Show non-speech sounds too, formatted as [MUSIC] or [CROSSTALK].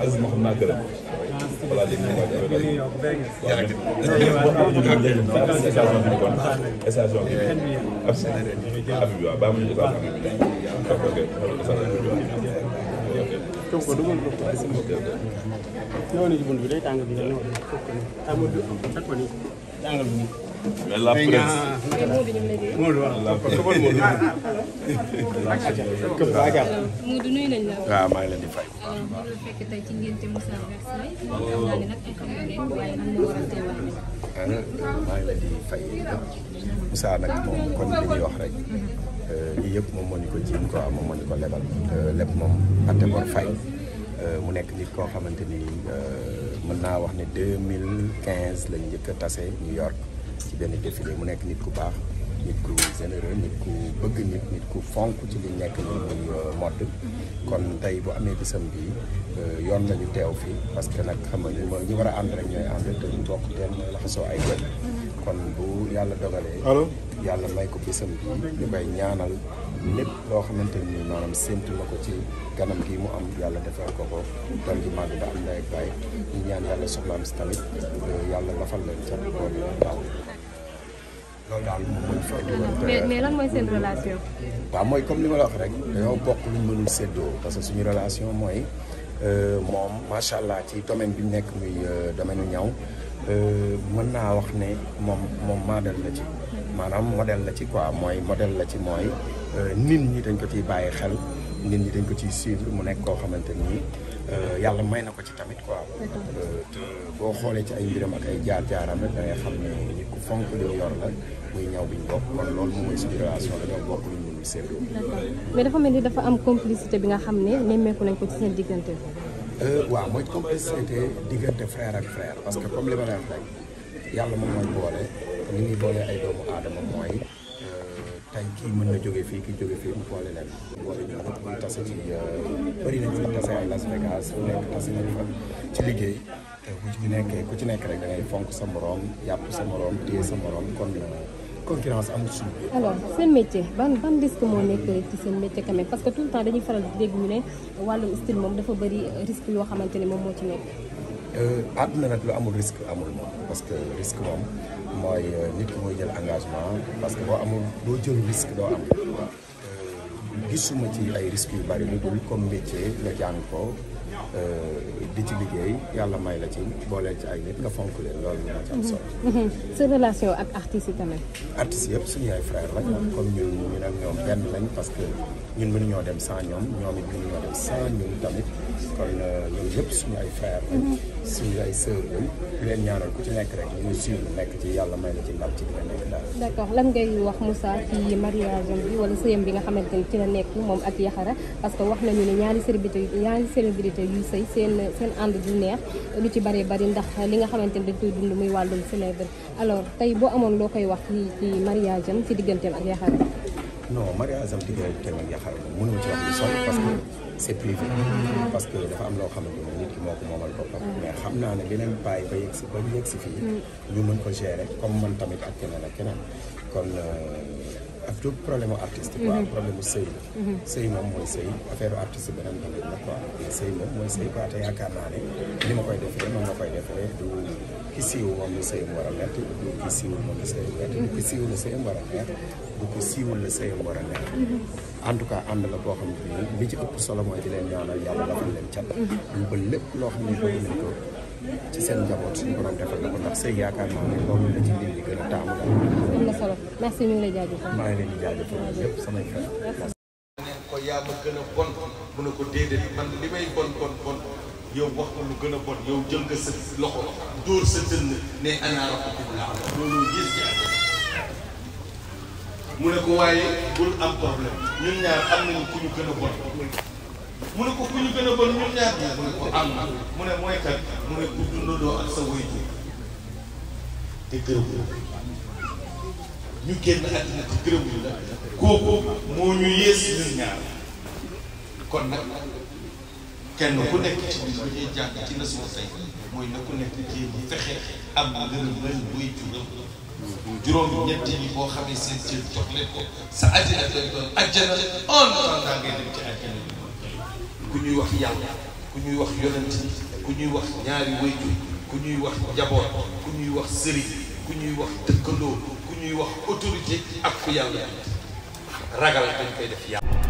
Aziz ma xam naa gërëm. voilà léegi ñu ngi koy def waaw. jërëjëf. bi day tàngal bi mais [LAUGHS] ah, maa ngi leen di fay. Ah, nag ah, ngi leen di fay. Moussa nag moom kon li ñuy wax rek. Euh, li yëpp moom moo ñu ko jiin quoi moom moo ko lebal. Euh, lépp moom atte bor fay. Euh, mu nekk nit koo xamante ni mën naa wax ne deux mille quinze lañ njëkk tase New York. ci benn défilé mu nekk nit ku baax nit ku généreux nit ku bëgg nit nit ku fonk ci li nekk ni muy euh, kon tey bu amee bisam bi euh, yoon nañu teew fii parce que nag xam nga mo ñu war a ànd rek ñooy ànd te ñu bokk teen laxasoo ay gën kon bu yàlla dogalee yàlla may ko bisam bi ñu koy ñaanal lépp loo xamante ni maanaam séntu na ko ci ganam gi mu am yàlla defal ko ko dal di màgg ba am nawet bàyyi ñaan yàlla soxlaam si tamit euh, yàlla lafal leen ca bool daal loolu daal moom moo mooy seen relation. waaw mooy comme li ma la wax rek dañoo bokk lu mënul séddoo parce que suñu relation mooy euh, moom macha allah ci domaine bi mu nekk muy euh, domaine ñaw euh, mën naa wax ne moom moom modèle la ci maanaam modèle la ci quoi mooy modèle la ci mooy nit ñi dañ ko ciy bàyyi xel. nit ñi dañ ko ci suivre mu nekk koo xamante ni euh, yàlla may na ko ci tamit quoi. Euh, boo xoolee ci ay mbiram ak ay jaar-jaaram rek da xam ne nit ku fonk li mu yor la muy ñaw bi bokk kon loolu moom mooy suñu relation dañoo bokk lu ñu seetlu. mais dafa mel ni dafa am complicité bi nga xam ne nemmeeku nañ ko ci seen diggante. Euh, waaw mooy complicité diggante frère ak frère parce que comme li ma leen rek yàlla moom mooy boole li muy boole ay doomu aadama mooy. kii mën na jóge fii ki jóge fii mu boole leen. boole ñoom ñëpp ci euh, bëri nañ tase ay Las Vegas fu nekk tase nañ fa ci liggéey te ku ci nekkee ku ci nekk rek da ngay fonk sa morom yàpp sa morom téye sa morom kon euh, concurrence amul suñu biir. alors seen métier ban ban risque moo nekk ci seen métier quand parce que tout le temps dañuy faral di dégg ñu ne wàllum style moom dafa bëri risque yoo xamante ne moom moo ci nekk. Euh, àdduna nag lu amul risque amul ma parce que risque moom mooy euh, nit ki mooy jël engagement parce que boo amul boo jël risque doo am euh, gisuma ci ay risques yu bari lu dul comme métier nga jàng ko di ci liggéey yàlla may la ci booleel ci ay nit nga fonk leen loolu moo ci am solo. Mm-hmm. Mm-hmm. relation ak artistes yi tamit. artistes yëpp suñu ay frère lañ comme ñun ñun ak ñoom benn lañ parce que ñun mënuñoo dem sans ñoom ñoom it mënuñoo dem sans ñun tamit kon euh, ñoom yëpp suñu ay frère lañ suñu ay sœur lañ di leen ñaanal ci nekk rek ñu ci yàlla la ci ci dina nekk daal. lan ngay wax Moussa ci mariage bi wala sëyam bi nga xamante ni ci la nekk moom ak Yaxara parce que wax nañu ne ñaari célébrité ñaari célébrité yu sëy seen seen ànd du neex lu ci bëree bëri ndax li nga xamante ni dañ koy dund muy wàllum célèbre alors tey boo amoon loo koy wax ci mariage am ci digganteem ak Yaxar Ba. non mariage am digganteem ak Yaxar Ba mënuma ci wax parce que c'est parce que dafa am loo xamante ni nit ki moo ko ah. mais xam naa ne dinañ bàyyi ba si fii. Hmm. ñu mën ko gérer comme man tamit ak keneen na keneen kon. Euh, af du problème artiste quoi mhm. problème mu sëy la mhm. sëy moom mooy sëy affaire artiste beneen domaine la quoi sëy moom mooy sëy quoi te yaakaar naa ne li ma koy defee moom ma koy defee du ki siiw moom la sëyam war a nekk du ki siiw moom la sëyam nekk du ki siiw la sëyam war a nekk du ki mhm. la boo xam ne li ci ëpp solo mooy di leen ñaanal yàlla defal ci seen njaboot suñu borom defal na ko ndax sëy yaakaar naa ne loolu la ci nit ñi gën a taamu daal. am na solo merci ñu ngi lay jaajëfal. maa ngi leen di jaajëfal yëpp samay xel. ne ko a bon mu ne ko déedéet man li gën a bon yow jël nga loxo dóor mu ne ko waaye bul am problème ñun ñaar am nañu ñu gën a bon. mu ne ko ku ñu gën a bon ñun ñaar ñi mu ne ko am na mu ne mooy kat mu ne ku dundandoo ak sa wéy te gërëm ñu génn àddina te gërëm la moo ñu yées ñun ñaar kon nag kenn ku nekk ci bis bi ñuy jàng ci na suma tey mooy na ku nekk jéem fexe am ngërëm lañ buy juróom juróom ñett yi boo xamee seen cër jox leen ko sa àddina doon doon àjjana on temps daa ngay dem ci àjjana ku ñuy wax yàlla ku ñuy wax yonent ku ñuy wax ñaari wayjur ku ñuy wax njaboot ku ñuy wax sëriñ ku ñuy wax dëkkandoo ku ñuy wax autorité ak ku yàlla ragal dañ koy def yàlla